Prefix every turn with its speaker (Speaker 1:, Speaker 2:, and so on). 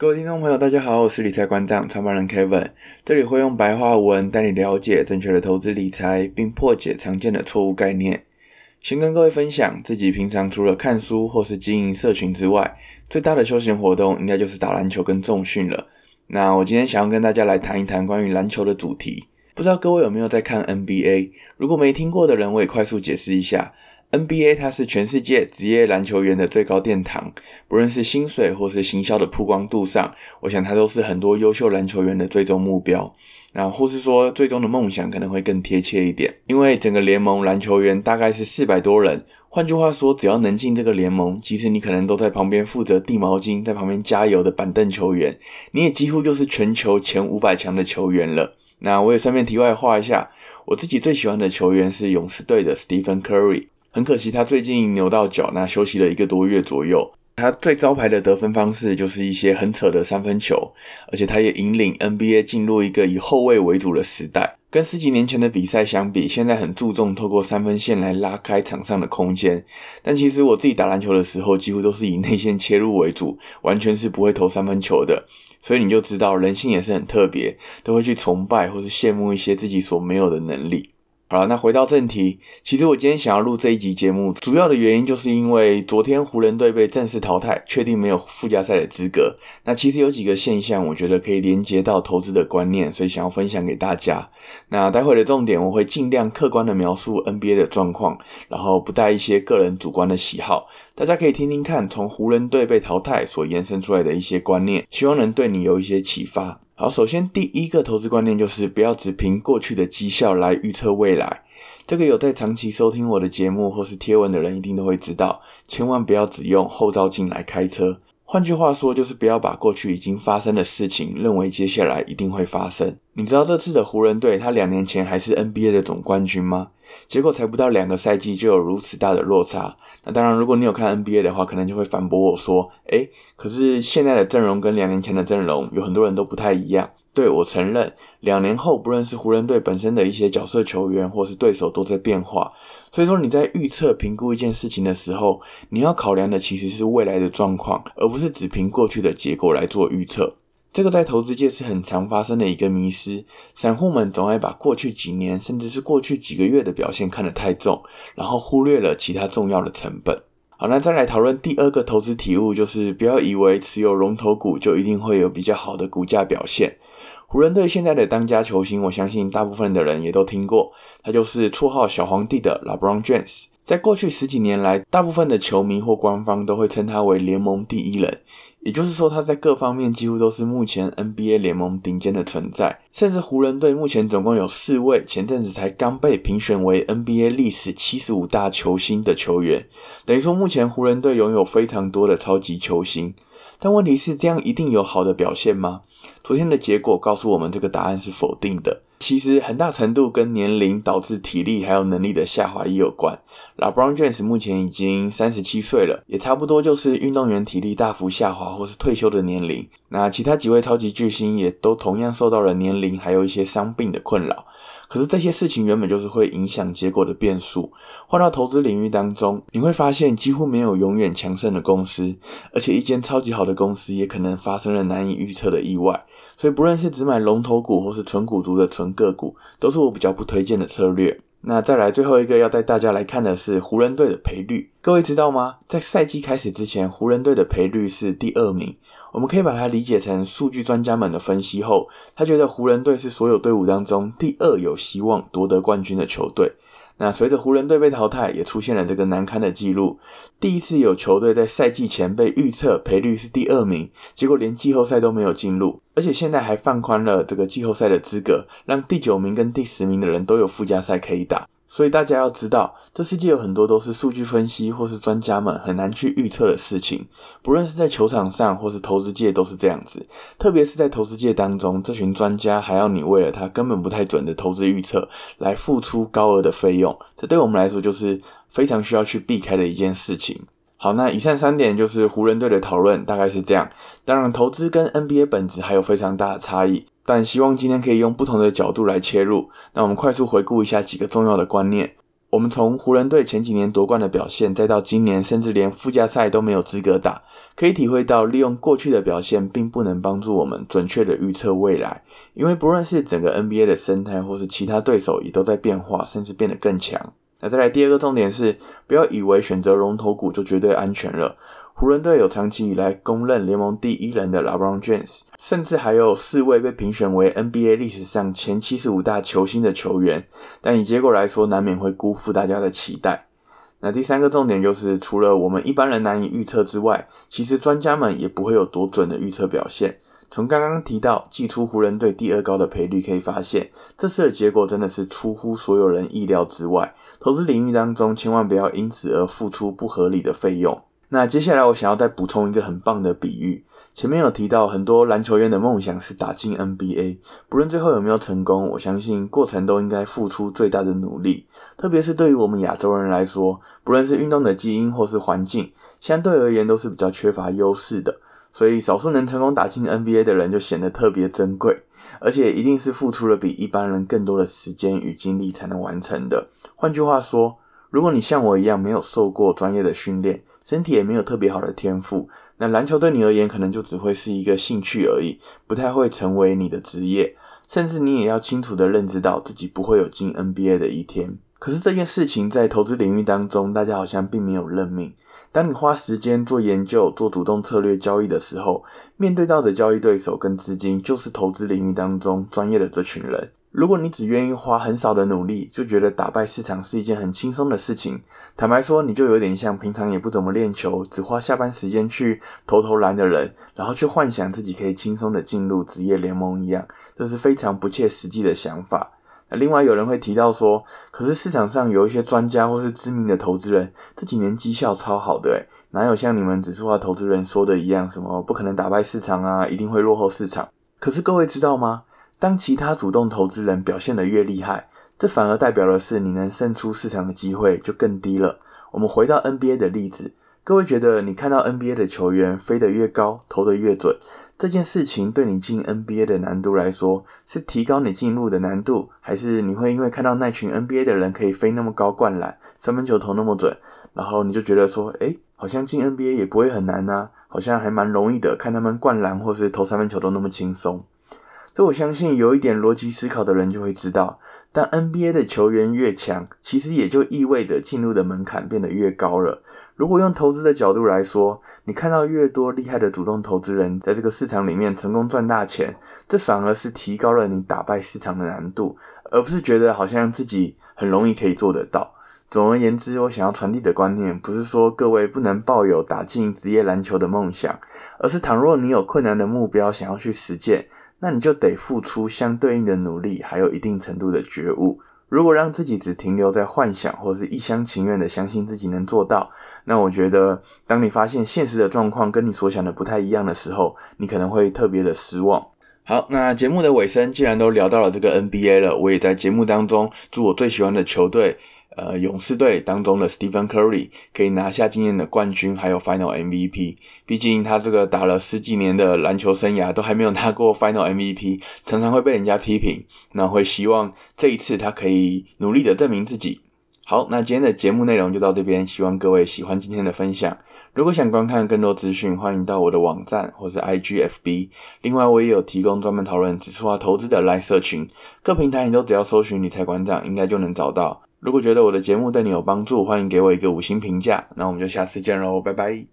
Speaker 1: 各位聽眾朋友，大家好，我是理財館長創辦人 Kevin，這裡會用白話文帶你了解正確的投資理財，並破解常見的錯誤概念。先跟各位分享，自己平常除了看書或是經營社群之外，最大的休閒活動應該就是打籃球跟重訓了。那我今天想要跟大家來談一談關於籃球的主題，不知道各位有沒有在看 NBA？如果沒聽過的人，我也快速解釋一下。NBA 它是全世界職業籃球員的最高殿堂，不論是薪水或是行銷的曝光度上，我想它都是很多優秀籃球員的最終目標。那或是說最終的夢想可能會更貼切一點，因為整個聯盟籃球員大概是四百多人，換句話說，只要能進這個聯盟，即使你可能都在旁邊負責遞毛巾、在旁邊加油的板凳球員，你也幾乎就是全球前五百強的球員了。那我也順便題外話一下，我自己最喜歡的球員是勇士隊的 Stephen Curry。很可惜，他最近扭到腳，那休息了一個多月左右。他最招牌的得分方式就是一些很扯的三分球，而且他也引領 NBA 進入一個以後衛為主的時代。跟十幾年前的比賽相比，現在很注重透過三分線來拉開場上的空間。但其實我自己打籃球的時候，幾乎都是以內線切入為主，完全是不會投三分球的。所以你就知道，人性也是很特別，都會去崇拜或是羨慕一些自己所沒有的能力。好啦，那回到正題，其實我今天想要錄這一集節目，主要的原因就是因為昨天湖人隊被正式淘汰，確定沒有附加賽的資格。那其實有幾個現象，我覺得可以連接到投資的觀念，所以想要分享給大家。那待會的重點，我會盡量客觀地描述 NBA 的狀況，然後不帶一些個人主觀的喜好，大家可以聽聽看，從湖人隊被淘汰所延伸出來的一些觀念，希望能對你有一些啟發。好，首先第一個投資觀念就是不要只憑過去的績效來預測未來。這個有在長期收聽我的節目或是貼文的人一定都會知道，千萬不要只用後照鏡來開車。換句話說，就是不要把過去已經發生的事情認為接下來一定會發生。你知道這次的湖人隊，他兩年前還是 NBA 的總冠軍嗎？結果才不到兩個賽季就有如此大的落差。那當然，如果你有看 NBA 的話，可能就會反駁我說：“誒，可是現在的陣容跟兩年前的陣容有很多人都不太一樣。”對，我承認，兩年後不論是湖人隊本身的一些角色球員，或是對手都在變化。所以說你在預測、評估一件事情的時候，你要考量的其實是未來的狀況，而不是只憑過去的結果來做預測。這個在投資界是很常發生的一個迷思，散戶們總愛把過去幾年，甚至是過去幾個月的表現看得太重，然後忽略了其他重要的成本。好，那再來討論第二個投資體悟，就是不要以為持有龍頭股就一定會有比較好的股價表現。湖人隊現在的當家球星，我相信大部分的人也都聽過，他就是綽號“小皇帝”的 LeBron James。在過去十幾年來，大部分的球迷或官方都會稱他為聯盟第一人，也就是說，他在各方面幾乎都是目前 NBA 聯盟頂尖的存在。甚至湖人隊目前總共有四位，前陣子才剛被評選為 NBA 歷史七十五大球星的球員，等於說目前湖人隊擁有非常多的超級球星。但問題是，這樣一定有好的表現嗎？昨天的結果告訴我們，這個答案是否定的。其實，很大程度跟年齡導致體力還有能力的下滑也有關。LeBron James 目前已經37歲了，也差不多就是運動員體力大幅下滑或是退休的年齡。那其他幾位超級巨星也都同樣受到了年齡還有一些傷病的困擾。可是這些事情原本就是會影響結果的變數，換到投資領域當中，你會發現幾乎沒有永遠強盛的公司，而且一間超級好的公司也可能發生了難以預測的意外，所以不論是只買龍頭股或是純股族的純個股，都是我比較不推薦的策略。那再來最後一個要帶大家來看的是湖人隊的賠率，各位知道嗎？在賽季開始之前，湖人隊的賠率是第二名。我們可以把它理解成數據專家們的分析後，他覺得湖人隊是所有隊伍當中第二有希望奪得冠軍的球隊。那隨着湖人隊被淘汰，也出現了這個難堪的記錄。第一次有球隊在賽季前被預測賠率是第二名，結果連季後賽都沒有進入。而且現在還放寬了這個季後賽的資格，讓第九名跟第十名的人都有附加賽可以打。所以大家要知道，這世界有很多都是數據分析或是專家們很難去預測的事情。不論是在球場上，或是投資界，都是這樣子。特別是在投資界當中，這群專家還要你為了他根本不太準的投資預測來付出高額的費用，這對我們來說就是非常需要去避開的一件事情。好，那以上三點就是湖人隊的討論，大概是這樣。當然，投資跟 NBA 本質還有非常大的差異，但希望今天可以用不同的角度來切入。那我們快速回顧一下幾個重要的觀念。我們從湖人隊前幾年奪冠的表現，再到今年，甚至連附加賽都沒有資格打，可以體會到利用過去的表現並不能幫助我們準確的預測未來，因為不論是整個 NBA 的生態，或是其他對手也都在變化，甚至變得更強。那再來第二個重點是，不要以為選擇龍頭股就絕對安全了。湖人隊有長期以來公認聯盟第一人的 LeBron James，甚至還有四位被評選為 NBA 歷史上前七十五大球星的球員，但以結果來說，難免會辜負大家的期待。那第三個重點就是，除了我們一般人難以預測之外，其實專家們也不會有多準的預測表現。從剛剛提到祭出湖人隊第二高的賠率，可以發現這次的結果真的是出乎所有人意料之外。投資領域當中，千萬不要因此而付出不合理的費用。那接下來我想要再補充一個很棒的比喻。前面有提到，很多籃球員的夢想是打進 NBA，不論最後有沒有成功，我相信過程都應該付出最大的努力。特別是對於我們亞洲人來說，不論是運動的基因或是環境，相對而言都是比較缺乏優勢的。所以，少數能成功打進 NBA 的人就顯得特別珍貴，而且一定是付出了比一般人更多的時間與精力才能完成的。換句話說，如果你像我一樣沒有受過專業的訓練，身體也沒有特別好的天賦，那籃球對你而言可能就只會是一個興趣而已，不太會成為你的職業，甚至你也要清楚地認知到自己不會有進 NBA 的一天。可是這件事情在投資領域當中，大家好像並沒有認命。當你花時間做研究、做主動策略交易的時候，面對到的交易對手跟資金，就是投資領域當中專業的這群人。如果你只願意花很少的努力，就覺得打敗市場是一件很輕鬆的事情，坦白說，你就有點像平常也不怎麼練球，只花下班時間去投投籃的人，然後去幻想自己可以輕鬆的進入職業聯盟一樣，這是非常不切實際的想法。另外，有人會提到說，可是市場上有一些專家或是知名的投資人，這幾年績效超好的、欸，誒哪有像你們指數化投資人說的一樣，什麼不可能打敗市場啊，一定會落後市場。可是各位知道嗎？當其他主動投資人表現得越厲害，這反而代表的是你能勝出市場的機會就更低了。我們回到 NBA 的例子。各位覺得，你看到 NBA 的球員飛得越高，投得越準，這件事情對你進 NBA 的難度來說，是提高你進入的難度，還是你會因為看到那群 NBA 的人可以飛那麼高灌籃，三分球投那麼準，然後你就覺得說，誒，好像進 NBA 也不會很難啊，好像還蠻容易的，看他們灌籃或是投三分球都那麼輕鬆。所以，我相信有一點邏輯思考的人就會知道，當 NBA 的球員越強，其實也就意味着進入的門檻變得越高了。如果用投資的角度來說，你看到越多厲害的主動投資人在這個市場裡面成功賺大錢，這反而是提高了你打敗市場的難度，而不是覺得好像自己很容易可以做得到。總而言之，我想要傳遞的觀念不是說各位不能抱有打進職業籃球的夢想，而是倘若你有困難的目標想要去實踐。那你就得付出相對應的努力，還有一定程度的覺悟。如果讓自己只停留在幻想，或者是一廂情願的相信自己能做到，那我覺得，當你發現現實的狀況跟你所想的不太一樣的時候，你可能會特別的失望。好，那節目的尾聲，既然都聊到了這個 NBA 了，我也在節目當中祝我最喜歡的球隊。呃，勇士隊當中的 Stephen Curry 可以拿下今年的冠軍，還有 Final MVP。畢竟他這個打了十幾年的籃球生涯，都還沒有拿過 Final MVP，常常會被人家批評。那我會希望這一次他可以努力的證明自己。好，那今天的節目內容就到這邊，希望各位喜歡今天的分享。如果想觀看更多資訊，歡迎到我的網站或是 IGFB。另外，我也有提供專門討論指數化投資的 LINE 社群，各平台你都只要搜尋理財館長，應該就能找到。如果覺得我的節目對你有幫助，歡迎給我一個五星評價。那我們就下次見嘍，拜拜。